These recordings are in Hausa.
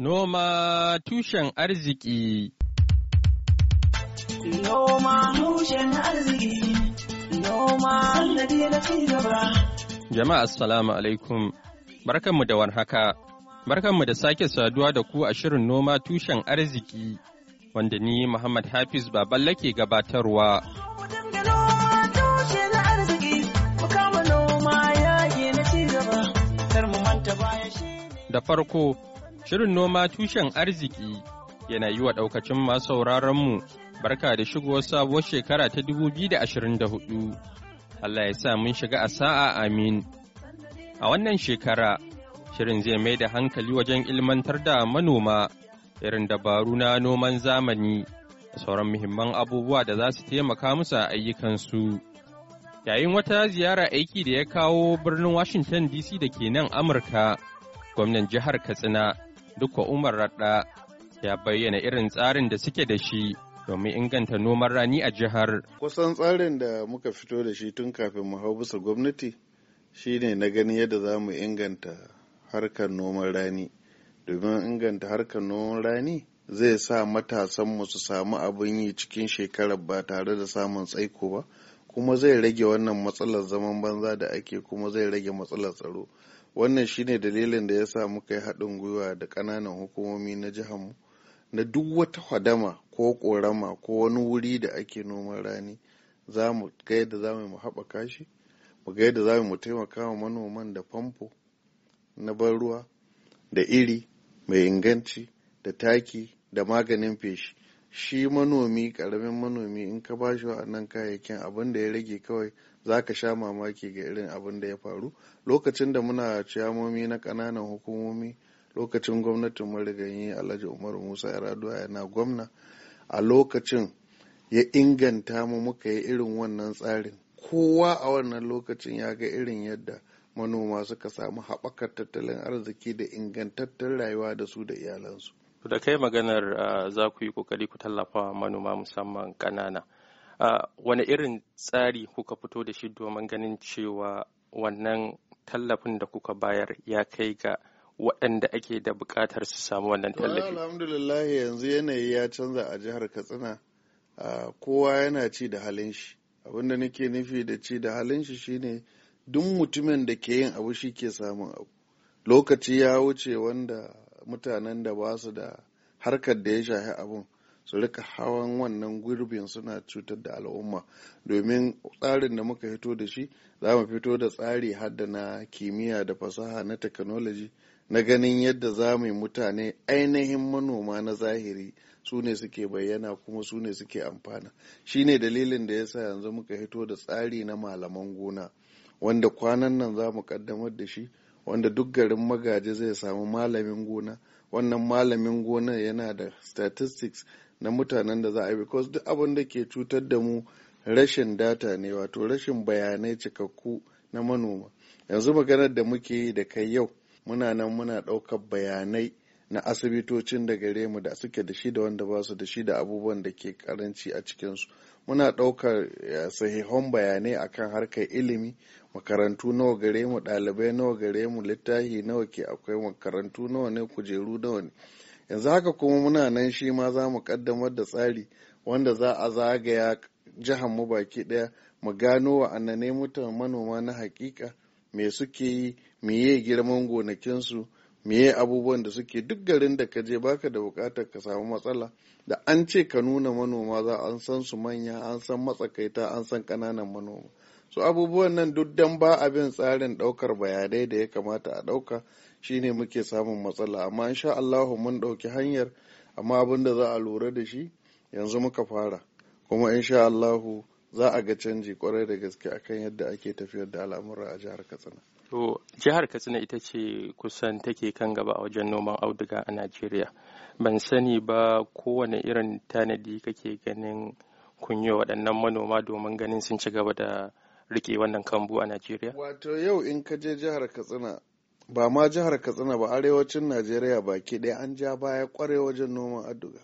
Noma tushen arziki Noma tushen arziki Noma Jama'a assalamu alaikum barkanmu da warhaka barkanmu da sake saduwa da ku a shirin noma tushen arziki wanda ni Muhammad Hafiz Baballe ke gabatarwa. Da farko Shirin noma tushen arziki yana yi wa ɗaukacin masu sauraronmu barka da shigo sabuwar shekara ta 2024. Allah ya sa mun shiga a sa'a amin. A wannan shekara, shirin zai mai da hankali wajen ilmantar da manoma irin dabaru na noman zamani da sauran muhimman abubuwa da za su taimaka musu a ayyukansu. Yayin wata ziyara aiki da ya kawo birnin Washington DC da ke nan Amurka, gwamnan jihar Katsina. Dukwa Umar Radda ya bayyana irin tsarin da suke da shi domin inganta noman rani a jihar. Kusan tsarin da muka fito da shi tun kafin mu hau bisa gwamnati shine na gani yadda za mu inganta harkar noman rani. Domin inganta harkar noman rani zai sa matasanmu su samu abin yi cikin shekarar ba tare da samun tsaiko ba. kuma zai rage wannan matsalar zaman banza da ake kuma zai rage matsalar tsaro wannan shine dalilin da ya sa muka yi haɗin gwiwa da ƙananan hukumomi na jihanmu na duk wata hadama ko ƙorama ko wani wuri da ake noman rani za mu ga yadda za mu haɓaka shi mu ga yadda za mu taimaka wa manoman da famfo na ban ruwa da iri mai inganci da taki da maganin feshi shi manomi karamin manomi in ka bashi nan kayayyakin abin da ya rage kawai za ka sha mamaki ga irin abin da ya faru lokacin da muna ciyamomi na ƙananan hukumomi lokacin gwamnatin marigayi alhaji umar musa ya yaraduwa yana gwamna a lokacin ya inganta mu muka yi irin wannan tsarin kowa a wannan lokacin ya ga irin yadda manoma suka samu haɓakar tattalin arziki da ingantattun rayuwa da su da iyalansu da kai maganar ah, za ku yi kokari ku tallafa manoma musamman ƙanana ah, wani irin tsari kuka fito da shi domin ganin cewa wannan tallafin da kuka bayar ya kai ga waɗanda ake da buƙatar su samu wannan tallafi alhamdulillah yanzu yanayi ya canza a jihar katsina ah, kowa yana ci da halin shi abinda nake nufi da ci da halin shi shine duk mutumin da ke yin abu shi ke samun abu lokaci ya wuce wanda mutanen da ba su da harkar da ya shahi abun su rika hawan wannan gurbin suna cutar da al'umma domin tsarin da muka fito da shi za mu fito da tsari hadda na kimiyya da fasaha na technology na ganin yadda za mu yi mutane ainihin manoma na zahiri su ne suke bayyana kuma su ne suke amfana shi ne dalilin da ya sa yanzu muka fito da tsari na malaman gona wanda kwanan nan za mu kaddamar da shi wanda duk garin magaji zai samu malamin gona wannan malamin gona yana da statistics na mutanen da za a yi because duk abin da ke cutar da mu rashin data ne wato rashin bayanai cikakku na manoma yanzu maganar da muke yi da kai yau muna nan muna ɗaukar bayanai na asibitocin da gare mu da suke da shi da wanda ba su da shi da abubuwan da ke karanci a cikinsu muna ɗaukar eh, sahihan bayanai akan harkar ilimi makarantu nawa gare mu ɗalibai nawa gare mu littafi nawa ke akwai makarantu nawa ne kujeru nawa ne yanzu haka kuma muna nan shi ma za mu kaddamar da tsari wanda za a zagaya jihar mu baki ɗaya mu gano wa annane mutan manoma na hakika me suke yi ya girman gonakinsu meye abubuwan da suke duk garin da ka je baka da bukatar ka samu matsala da an ce ka nuna manoma za an san su manya an san matsakaita an san ƙananan manoma su abubuwan nan duk dan ba abin tsarin ɗaukar bayanai da ya kamata a ɗauka shine muke samun matsala amma insha Allahu mun ɗauki hanyar amma abin da za a lura da shi yanzu muka fara kuma insha Allahu za a ga canji kwarai da gaske akan yadda ake tafiyar da al'amura a jihar Katsina. To jihar Katsina ita ce kusan take kan gaba a wajen noman auduga a Najeriya. Ban sani ba kowane irin tanadi kake ganin kunyo waɗannan manoma domin ganin sun ci gaba da rike wannan kambu a Najeriya? Wato yau in ka je jihar Katsina ba ma jihar Katsina ba arewacin Najeriya baki ɗaya an ja baya kware wajen noman auduga.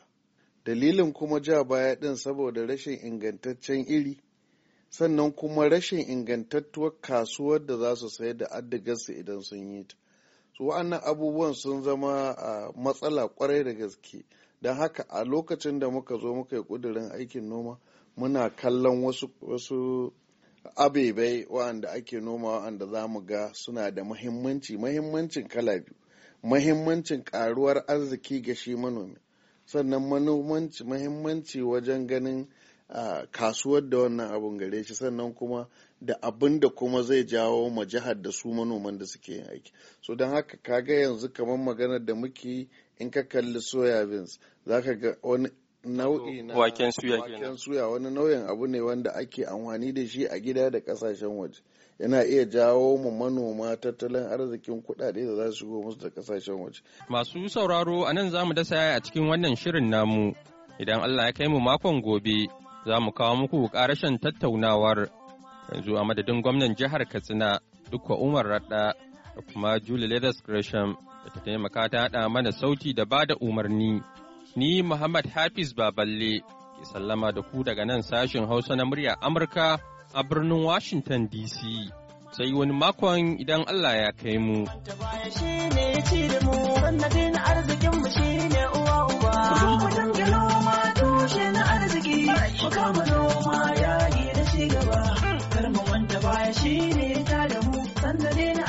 Dalilin kuma ja baya ɗin saboda rashin ingantaccen iri sannan kuma rashin ingantattuwar kasuwar da za su sayar da addigarsu idan sun yi ta su wa'annan abubuwan sun zama a matsala kwarai da gaske don haka a lokacin da muka zo muka yi kudirin aikin noma muna kallon wasu wasu abebai wa'anda ake noma wa'anda za mu ga suna da mahimmanci mahimmancin kala biyu mahimmancin karuwar arziki ga shi manomi sannan mahimmanci wajen ganin kasuwar da wannan abun gare shi sannan kuma da abin da kuma zai jawo ma jihar da su manoman da suke yin aiki so don haka kaga yanzu kamar maganar da muke in ka kalli soya beans za ka ga wani nau'i na waken suya wani nau'in abu ne wanda ake amfani da shi a gida da kasashen waje yana iya jawo mu manoma tattalin arzikin kuɗaɗe da za su shigo musu da kasashen waje masu sauraro a nan za mu dasa a cikin wannan shirin namu idan allah ya kai mu makon gobe za mu kawo muku ƙarashen tattaunawar yanzu a madadin gwamnan jihar Katsina dukwa Umar Radda da kuma Julie Leathers Gresham da ta taimaka ta haɗa mana sauti da ba da umarni. Ni Muhammad Hafiz Baballe ke sallama da ku daga nan sashin Hausa na murya Amurka a birnin Washington DC. Sai wani makon idan Allah ya kai mu. arzikin mu shine uwa uba. tushe na arziki mu kama noma yaƙi da ci gaba kar mu manta baya shine ta da mu sandane na